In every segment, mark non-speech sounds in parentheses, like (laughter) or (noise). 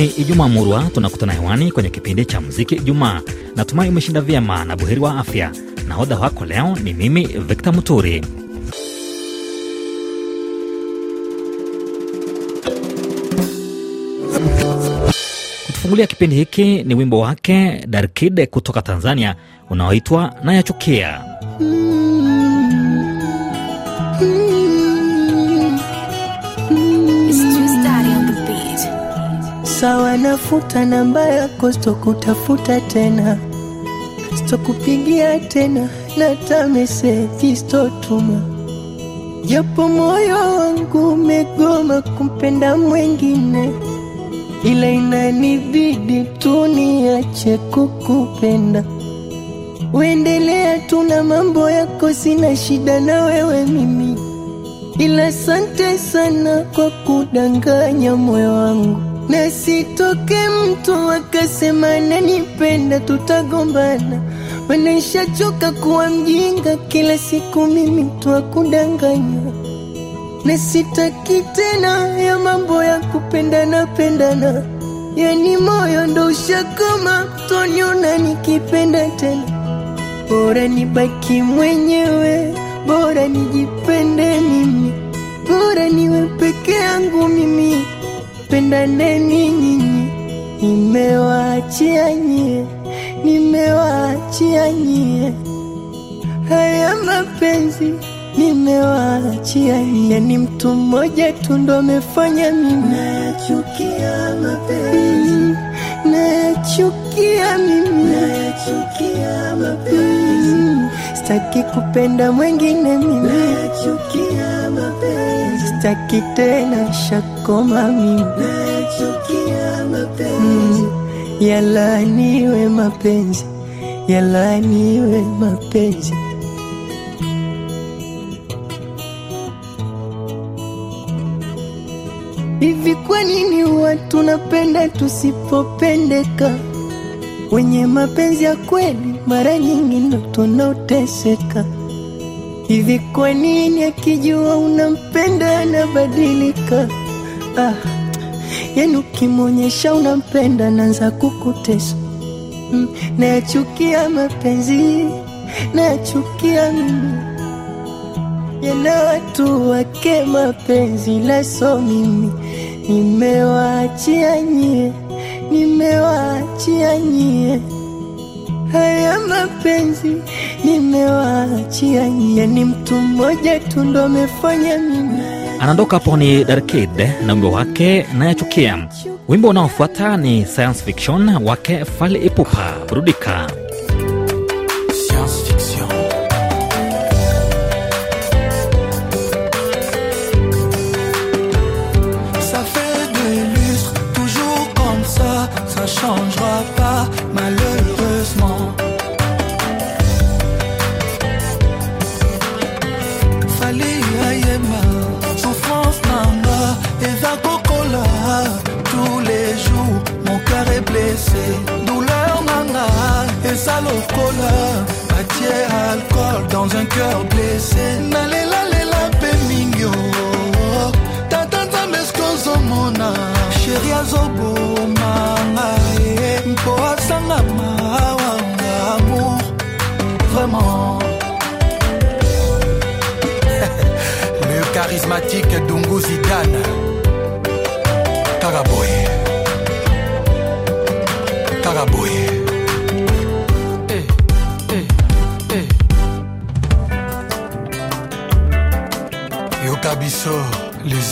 Ni Ijumaa Murwa, tunakutana hewani kwenye kipindi cha muziki Ijumaa. Natumai umeshinda vyema na buheri wa afya. Nahodha wako leo ni mimi vikta Muturi. Kutufungulia kipindi hiki ni wimbo wake Darkide kutoka Tanzania unaoitwa Nayachukia. Sawa, nafuta namba yako, sitokutafuta tena, sitokupigia tena, nata meseji sitotuma, japo moyo wangu umegoma kumpenda mwengine, ila inanibidi tu niache kukupenda. Uendelea tu na mambo yako, sina shida na wewe mimi, ila sante sana kwa kudanganya moyo wangu. Nasitoke mtu akasema nanipenda, tutagombana. Maana nishachoka kuwa mjinga, kila siku mimi twa kudanganya, na sitaki tena ya mambo ya kupendana pendana. Yani moyo ndo ushakoma, toniona nikipenda tena. Bora nibaki mwenyewe, bora nijipende mimi, bora niwe peke yangu mimi pendaneni nyinyi, nimewaachia nyie, nimewaachia nyie haya mapenzi nimewaachia nyie. Ni mtu mmoja tu ndo amefanya mimi nachukia mapenzi, nachukia mimi nachukia mapenzi, mm, sitaki kupenda mwingine mimi nachukia mapenzi, sitaki tena shaka koma mimi mm. mapenzi, yalaaniwe mapenzi Hivi kwa nini watu napenda tusipopendeka? Wenye mapenzi ya kweli mara nyingi ndo tunaoteseka. Hivi kwa nini akijua unampenda anabadilika? ah. Yani ukimwonyesha unampenda nanza kukutesa mm. Nayachukia mapenzi nayachukia mimi yana watu wake mapenzi laso mimi nimewaachia nyie nimewaachia nyie haya mapenzi nimewaachia nyie ni mtu mmoja tu ndo amefanya mimi anaondoka hapo ni Darkid na wimbo wake nayachukia. Wimbo unaofuata ni science fiction wake fali Ipupa, burudika. lokola atie alcool dans un cœur blessé nalelalela mpe mingi o tata nzambe eske ozomona oh, sheri azobomanga Mama eh. mpo asanga mawanga amour vraiment le (laughs) charismatique dungu zidane kaka boye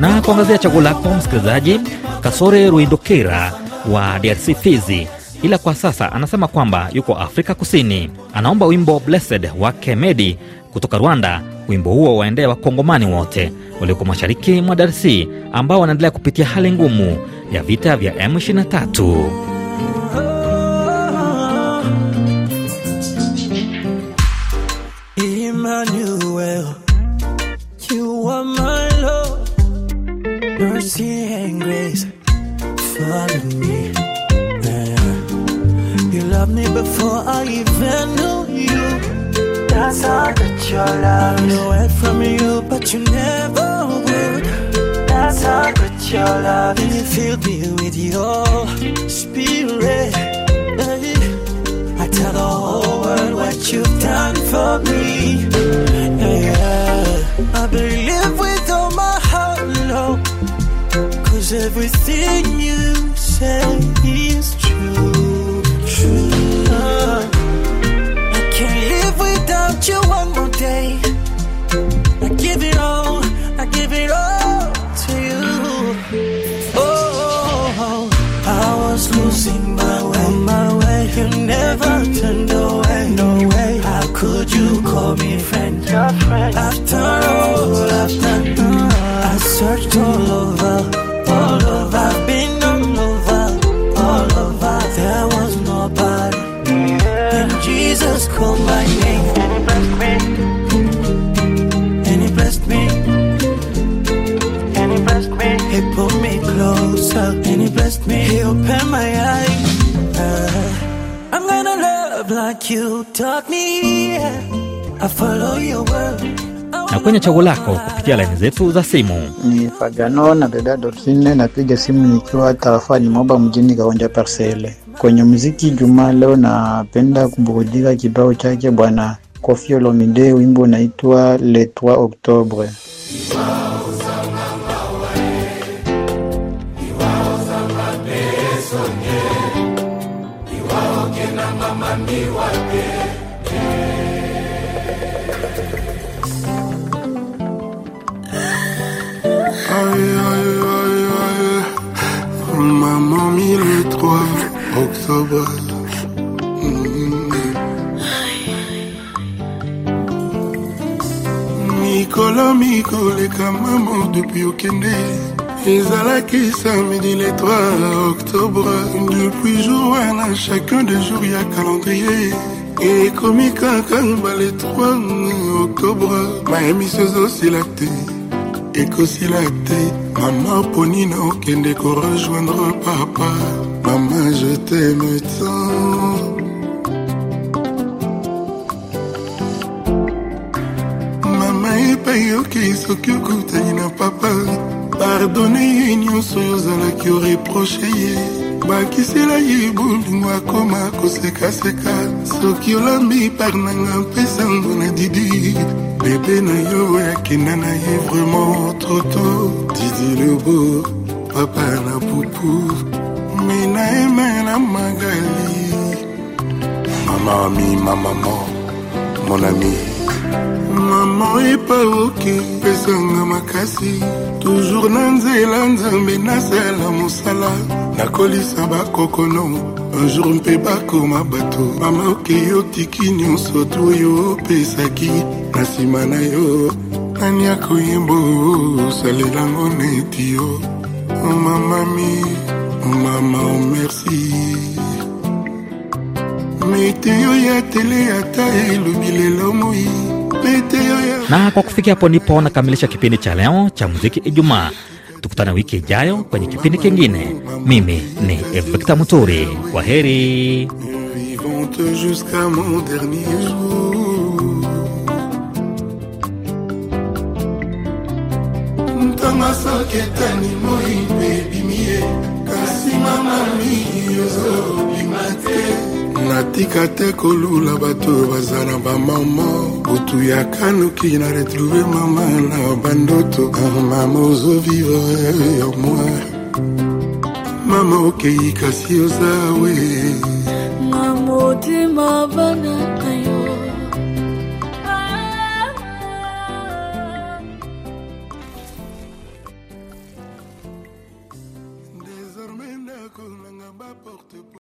Na kuangazia chaguo lako msikilizaji, Kasore Ruindokera wa DRC Fizi, ila kwa sasa anasema kwamba yuko Afrika Kusini. Anaomba wimbo Blessed wa Kemedi kutoka Rwanda. Wimbo huo waendee Wakongomani wote walioko mashariki mwa DRC ambao wanaendelea kupitia hali ngumu ya vita vya M23. that your love is. I know it from you, but you never would. That's how good your love is. And you filled me with your spirit. I tell the whole world what you've done for me. Yeah. I believe with all my heart, Lord. Cause everything you say is true. losing my way. On my way. You never turned away. No way. How could you call me friend? Your friend. After all I've done, I searched all over, all over. I've been all over, all over. There was nobody. Then Jesus called my name. and my eyes. Uh, I'm gonna love like you taught me. I follow your world na kwenye chaguo lako kupitia laini zetu za simu. Ni Fagano na dada Dorine, napiga simu nikiwa tarafani Moba mjini Kaonja Parcele. Kwenye muziki juma leo napenda kuburudika kibao chake bwana Koffi Olomide, wimbo unaitwa Le 3 Octobre. Wow. Maman mis trois 3 Nicolas, Nicolas, maman depuis au ezalaki samedi les 3 octobre depuis jour wana chacun de jour ya calendrier Et comme ekomi kaka les 3 octobre mayemiso ezosila te ekosila te mama ponina okende rejoindre papa mama je t'aime tant epai yoki soki okutani na papa pardone ye nyonso oyo ozalaki oreproche ye bakisela ye bolingo akoma kosekaseka soki olambi par nanga mpesango na didi bebe na yo akenda na ye vraimen troto didi lobo papa na pupu me naeme na magali mama ami ma maman mon ami maman epa oke pesanga makasi toujours na nzela nzambe nasala mosala nakolisa bakokono unjour mpe bakoma bato mama okei otiki nyonso to oyo opesaki na nsima na yo nani akoyemba osalelango neti yo omamami oh, mama omersi oh, oh, meteo ya tele ata elobi lelo moi Na kwa kufikia hapo ndipo nakamilisha kipindi cha leo cha muziki Ijumaa. Tukutane wiki ijayo kwenye kipindi kingine. Mimi ni Victor Muturi, kwa heri. natika te kolula bato oyo baza na bamama butu ya kanuki na retrouve mama na bandoto mama ozovivre yo moi mama okei kasi oza we na motema bana